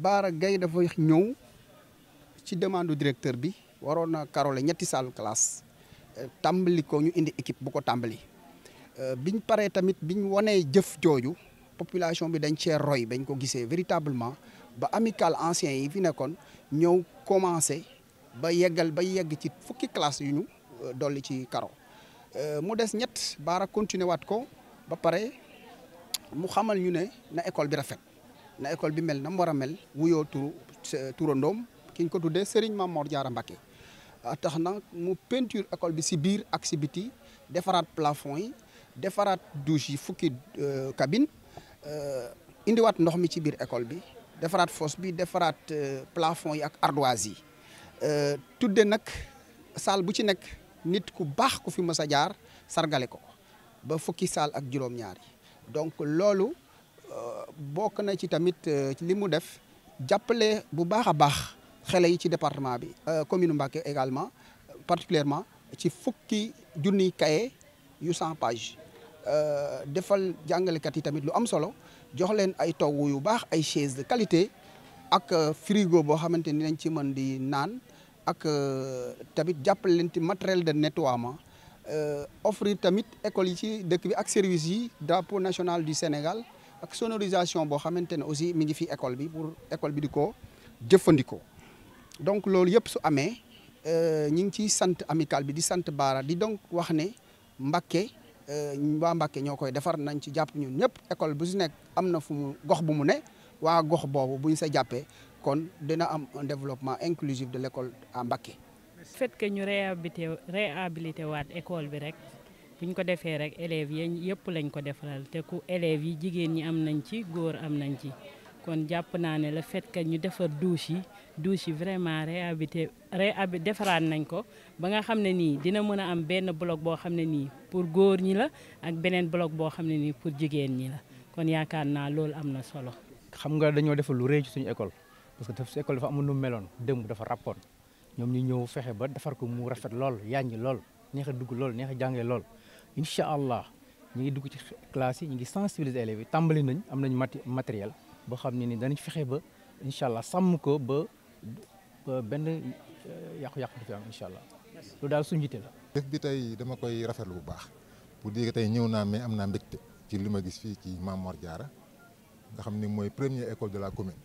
Baara Gaye dafa ñëw ci demande directeur bi waroon na karole ñetti salle classe euh, tàmbali ko ñu indi équipe bu ko tàmbali. Euh, biñ paree tamit biñ wanee jëf jooju population bi dañ cee roy bañ ko gisee véritablement ba amical anciens yi fi nekkoon ñëw commencé ba yeggal ba yegg ci fukki classe yu ñu euh, dolli ci karo mu des ñett Baara continuer waat ko ba pare mu xamal ñu ne na école bi rafet. na école bi mel na mu war a mel wuyoo turu turandoom ki ñu ko tuddee Serigne Mame Mor Diarra Mbacké ah, tax na mu peinture école bi si biir ak si defaraat plafond yi defaraat douche yi fukki euh, cabine euh, indiwaat ndox mi ci biir école bi defaraat fosse bi defaraat euh, plafond yi ak ardoise yi tudde nag salle bu ci nekk nit ku baax ku fi mës a jaar sargale ko ba fukki salle ak juróom-ñaar donc loolu bokk na ci tamit euh, li mu def jàppale bu baax a baax xelay ci département bi euh, commune Mbacké également particulièrement ci fukki junniy kaye yu cent page euh, defal jàngalekat yi tamit lu am solo jox leen ay togg yu baax ay chaise de qualité ak frigo boo xamante ni nañ ci mën di naan ak tamit jàppale leen ci matériel de nettoiement offrir tamit école yi ci dëkk bi ak service yi drapeau nationale du Sénégal ak sonorisation boo xamante ne aussi mi ngi fi école bi pour école bi di ko jëfandikoo donc loolu yëpp su amee euh, ñi ngi ciy sant amicale bi di sant Baara di donc wax ne Mbacké euh, waa Mbacké ñoo koy defar nañ ci jàpp ñun ñëpp école bu si nekk am na fu mu gox bu mu ne waa gox boobu buñ sa jàppee kon dina am développement inclusif de l'école à Mbacké. fait que ñu réhabilité waat école bi rek. ñu ko defee rek élèves yi yëpp lañ ko defaral te ku élèves yi jigéen ñi am nañ ci góor am nañ ci kon jàpp naa ne la fait que ñu defar douche yi douche yi vraiment réhabilité réhabi defaraat nañ ko ba nga xam ne nii dina mën a am benn bloc boo xam ne nii pour góor ñi la ak beneen bloc boo xam ne nii pour jigéen ñi la kon yaakaar naa loolu am na solo. xam nga dañoo defal lu rëy ci suñu école parce que suñu école dafa amoon nu meloon démb dafa rappoon ñoom ñu ñëw fexe ba defar ko mu rafet lool yaaññi lool neex dugg lool neex a jàngee lool. incha allah ñu ngi dugg ci classe yi ñu ngi sensibiliser élèves yi tàmbali nañ am nañ mat matériel boo xam ne nii danañ fexe ba incha allah sàmm ko ba benn euh, yàqu-yàqu du fi am incha allah loolu daal suñ jite la. def bi tey dama koy rafetlu bu baax pour dire que tey ñëw naa mais am naa mbégte ci li ma gis fii ci Mame Mor Diarra nga xam ni mooy premier école de la commune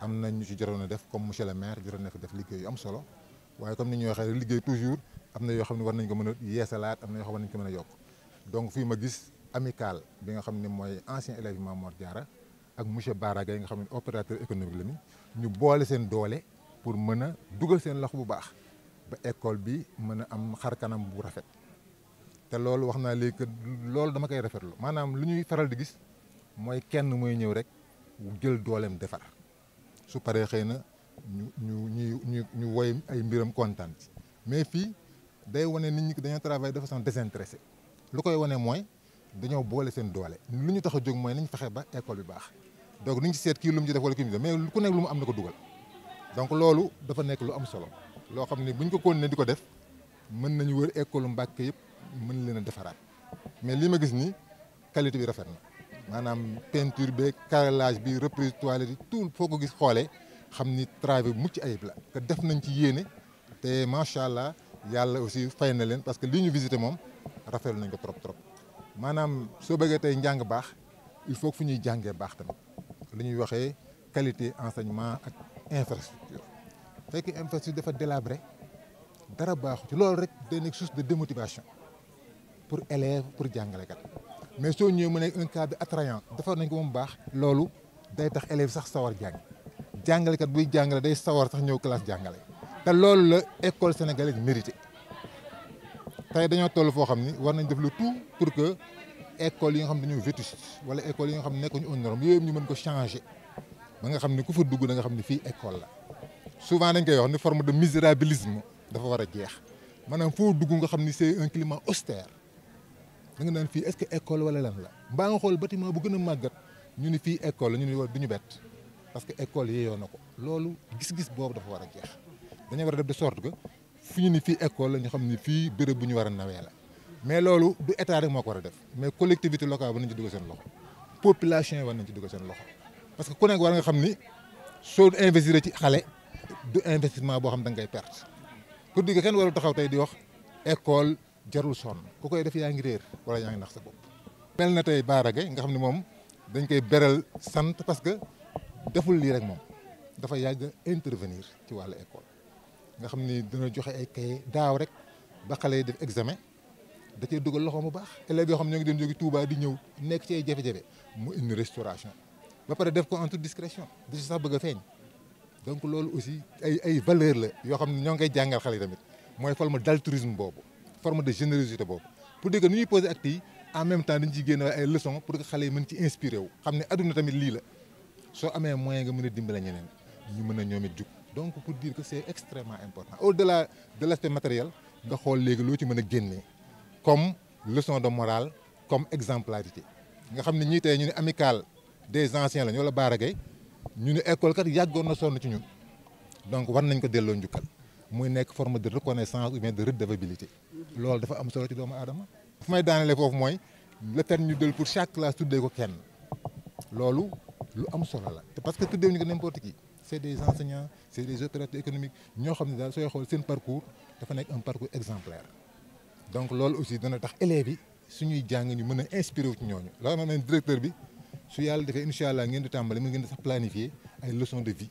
am na ñu ci jotoon a def comme monsieur le maire jotoon na fi def liggéey am solo waaye comme am na yoo xam ne war nañ ko mën a yeesalaat am na yoo xam ne war nañ ko donc fii ma gis amical bi nga xam ne mooy ancien élève yi Mame ak monsieur Bara Gaye nga xam ne opérateur économique la ñu boole seen doole pour mën a dugal seen loxo bu baax ba école bi mën a am xar kanam bu rafet te loolu wax naa léegi que loolu dama koy rafetlu maanaam lu ñuy faral di gis mooy kenn mooy ñëw rek jël dooleem defar su paree xëy na ñu ñu ñu ñu woy ay mbiram kontaan mais fii day wane nit ñi dañoo travailler de façon désintéressée lu koy wone mooy dañoo boole seen doole lu ñu tax a jóg mooy nañ fexe ba école bi baax donc ni ñu seet kii lu mu ci def wala kii mu def mais ku nekk lu mu am na ko dugal donc loolu dafa nekk lu am solo loo xam ne bu ñu ko ne di ko def mën nañu wër école Mbàkke yëpp mën leen a defaraat mais lii ma gis nii qualité bi rafet na maanaam peinture beeg carrelage bi reprise toilette yi tout foo ko gis xoolee xam ni travail mucc ayib la def nañ ci yéene te macha allah. yàlla aussi fay na leen parce que li ñu visité moom rafetlu nañ ko trop trop maanaam soo bëggee tey njàng baax il faut que fu ñuy jàngee baax tamit li ñuy waxee qualité enseignement ak infrastructure fekk infrastructure dafa délabré dara baaxu ci loolu rek day nekk source de démotivation pour élèves pour jàngalekat mais soo ñëwee mu nekk un cadre attrayant defar nañ ko moom baax loolu day tax élèves sax sawar jàng jàngalekat buy jàngale day sawar sax ñëw classe jàngale te loolu la école sénégalaise mérité te dañoo toll foo xam ni war nañ def le tout pour que école yi nga xam ne dañoo vétuste wala école yi nga xam nekkuñu aux normes yooyu ñu mën ko changer ba nga xam ni ku fa dugg da nga xam ne fii école la souvent dañ koy wax ni forme de misérabilisme dafa war a jeex maanaam foo dugg nga xam ni c'est un climat austère da nga naan fii est-ce que école wala lan la mbaa nga xool bâtiment bu gën a màggat ñu ni fii école la ñu ni du ñu bett parce que école yeyoo na ko loolu gis-gis boobu dafa war a jeex. dañoo war a def de sorte que fu ñu ni fii école la ñu xam ni fii béréb bu ñu war a nawee la mais loolu du état rek moo ko war a def mais collectivité locale war nañ ci dugal seen loxo population yi war nañ ci dugal seen loxo parce que ku nekk war nga xam ni soo investir ci xale du investissement boo xam da nga koy perte pour dire que kenn warul taxaw tey di wax école jarul sonn ku koy def yaa ngi réer wala yaa ngi nax sa bopp. mel na tey baarage nga xam ne moom dañ koy beral sant parce que deful lii rek moom dafa yàgg intervenir ci wàllu école. nga xam ni dina joxe ay cahier daaw rek ba xale yi def examen da cee dugal loxo bu baax élèves yoo xam ñoo ngi doon jóge Touba di ñëw nekk ci ay mu indi restauration ba pare def ko en toute discrétion di si loolu aussi ay ay valeur la yoo xam ne ñoo ngi koy jàngal xale yi tamit mooy forme d'altruisme boobu forme de générosité boobu pour dire que nu ñuy poser yi en même temps dañ ciy génne ay leçons pour que xale yi mën ci inspiré wu xam ne adduna tamit lii la soo amee moyen nga mën a dimbale ñeneen ñu mën a ñoom it jug donc pour dire que c'est extrêmement important au-delà de l'aspect matériel nga xool léegi loo ci mën a génnee comme leçon de morale comme exemplarité nga xam ne ñii tey ñu ne amicale des anciens lañ wala baaragay ñu ne école kat yàggoon na sonn ci ñun donc war nañ ko delloo njukkal muy nekk forme de reconnaissance ou bien de redevabilité loolu dafa am solo ci doomu aadama fu may daanelee foofu mooy le terme ñu del pour chaque classe tuddee ko kenn loolu lu am solo la parce que tuddee ñu c'est des enseignants c'est des opérateurs économiques ñoo xam ne daal sooy xool seen parcours dafa nekk un parcours exemplaire donc loolu aussi dana tax élèves yi suñuy jàng ñu mën a inspiré wu ci ñooñu loolu na leen directeur bi su yàlla defee incha allah ngeen di tàmbali mën ngeen di sax planifier ay leçons de vie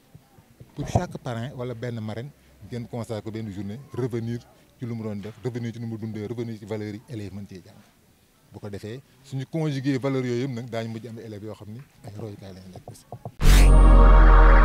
pour chaque parrain wala benn marraine ngeen consacré ko benn journée revenir ci lu mu doon def revenir ci nu mu dundee revenir ci valeurs yi élèves mën cee jàng bu ko defee suñu conjuguer valeurs yooyu yëpp nag daañu mujj am élèves yoo xam ni ay royukaay lañ nekk aussi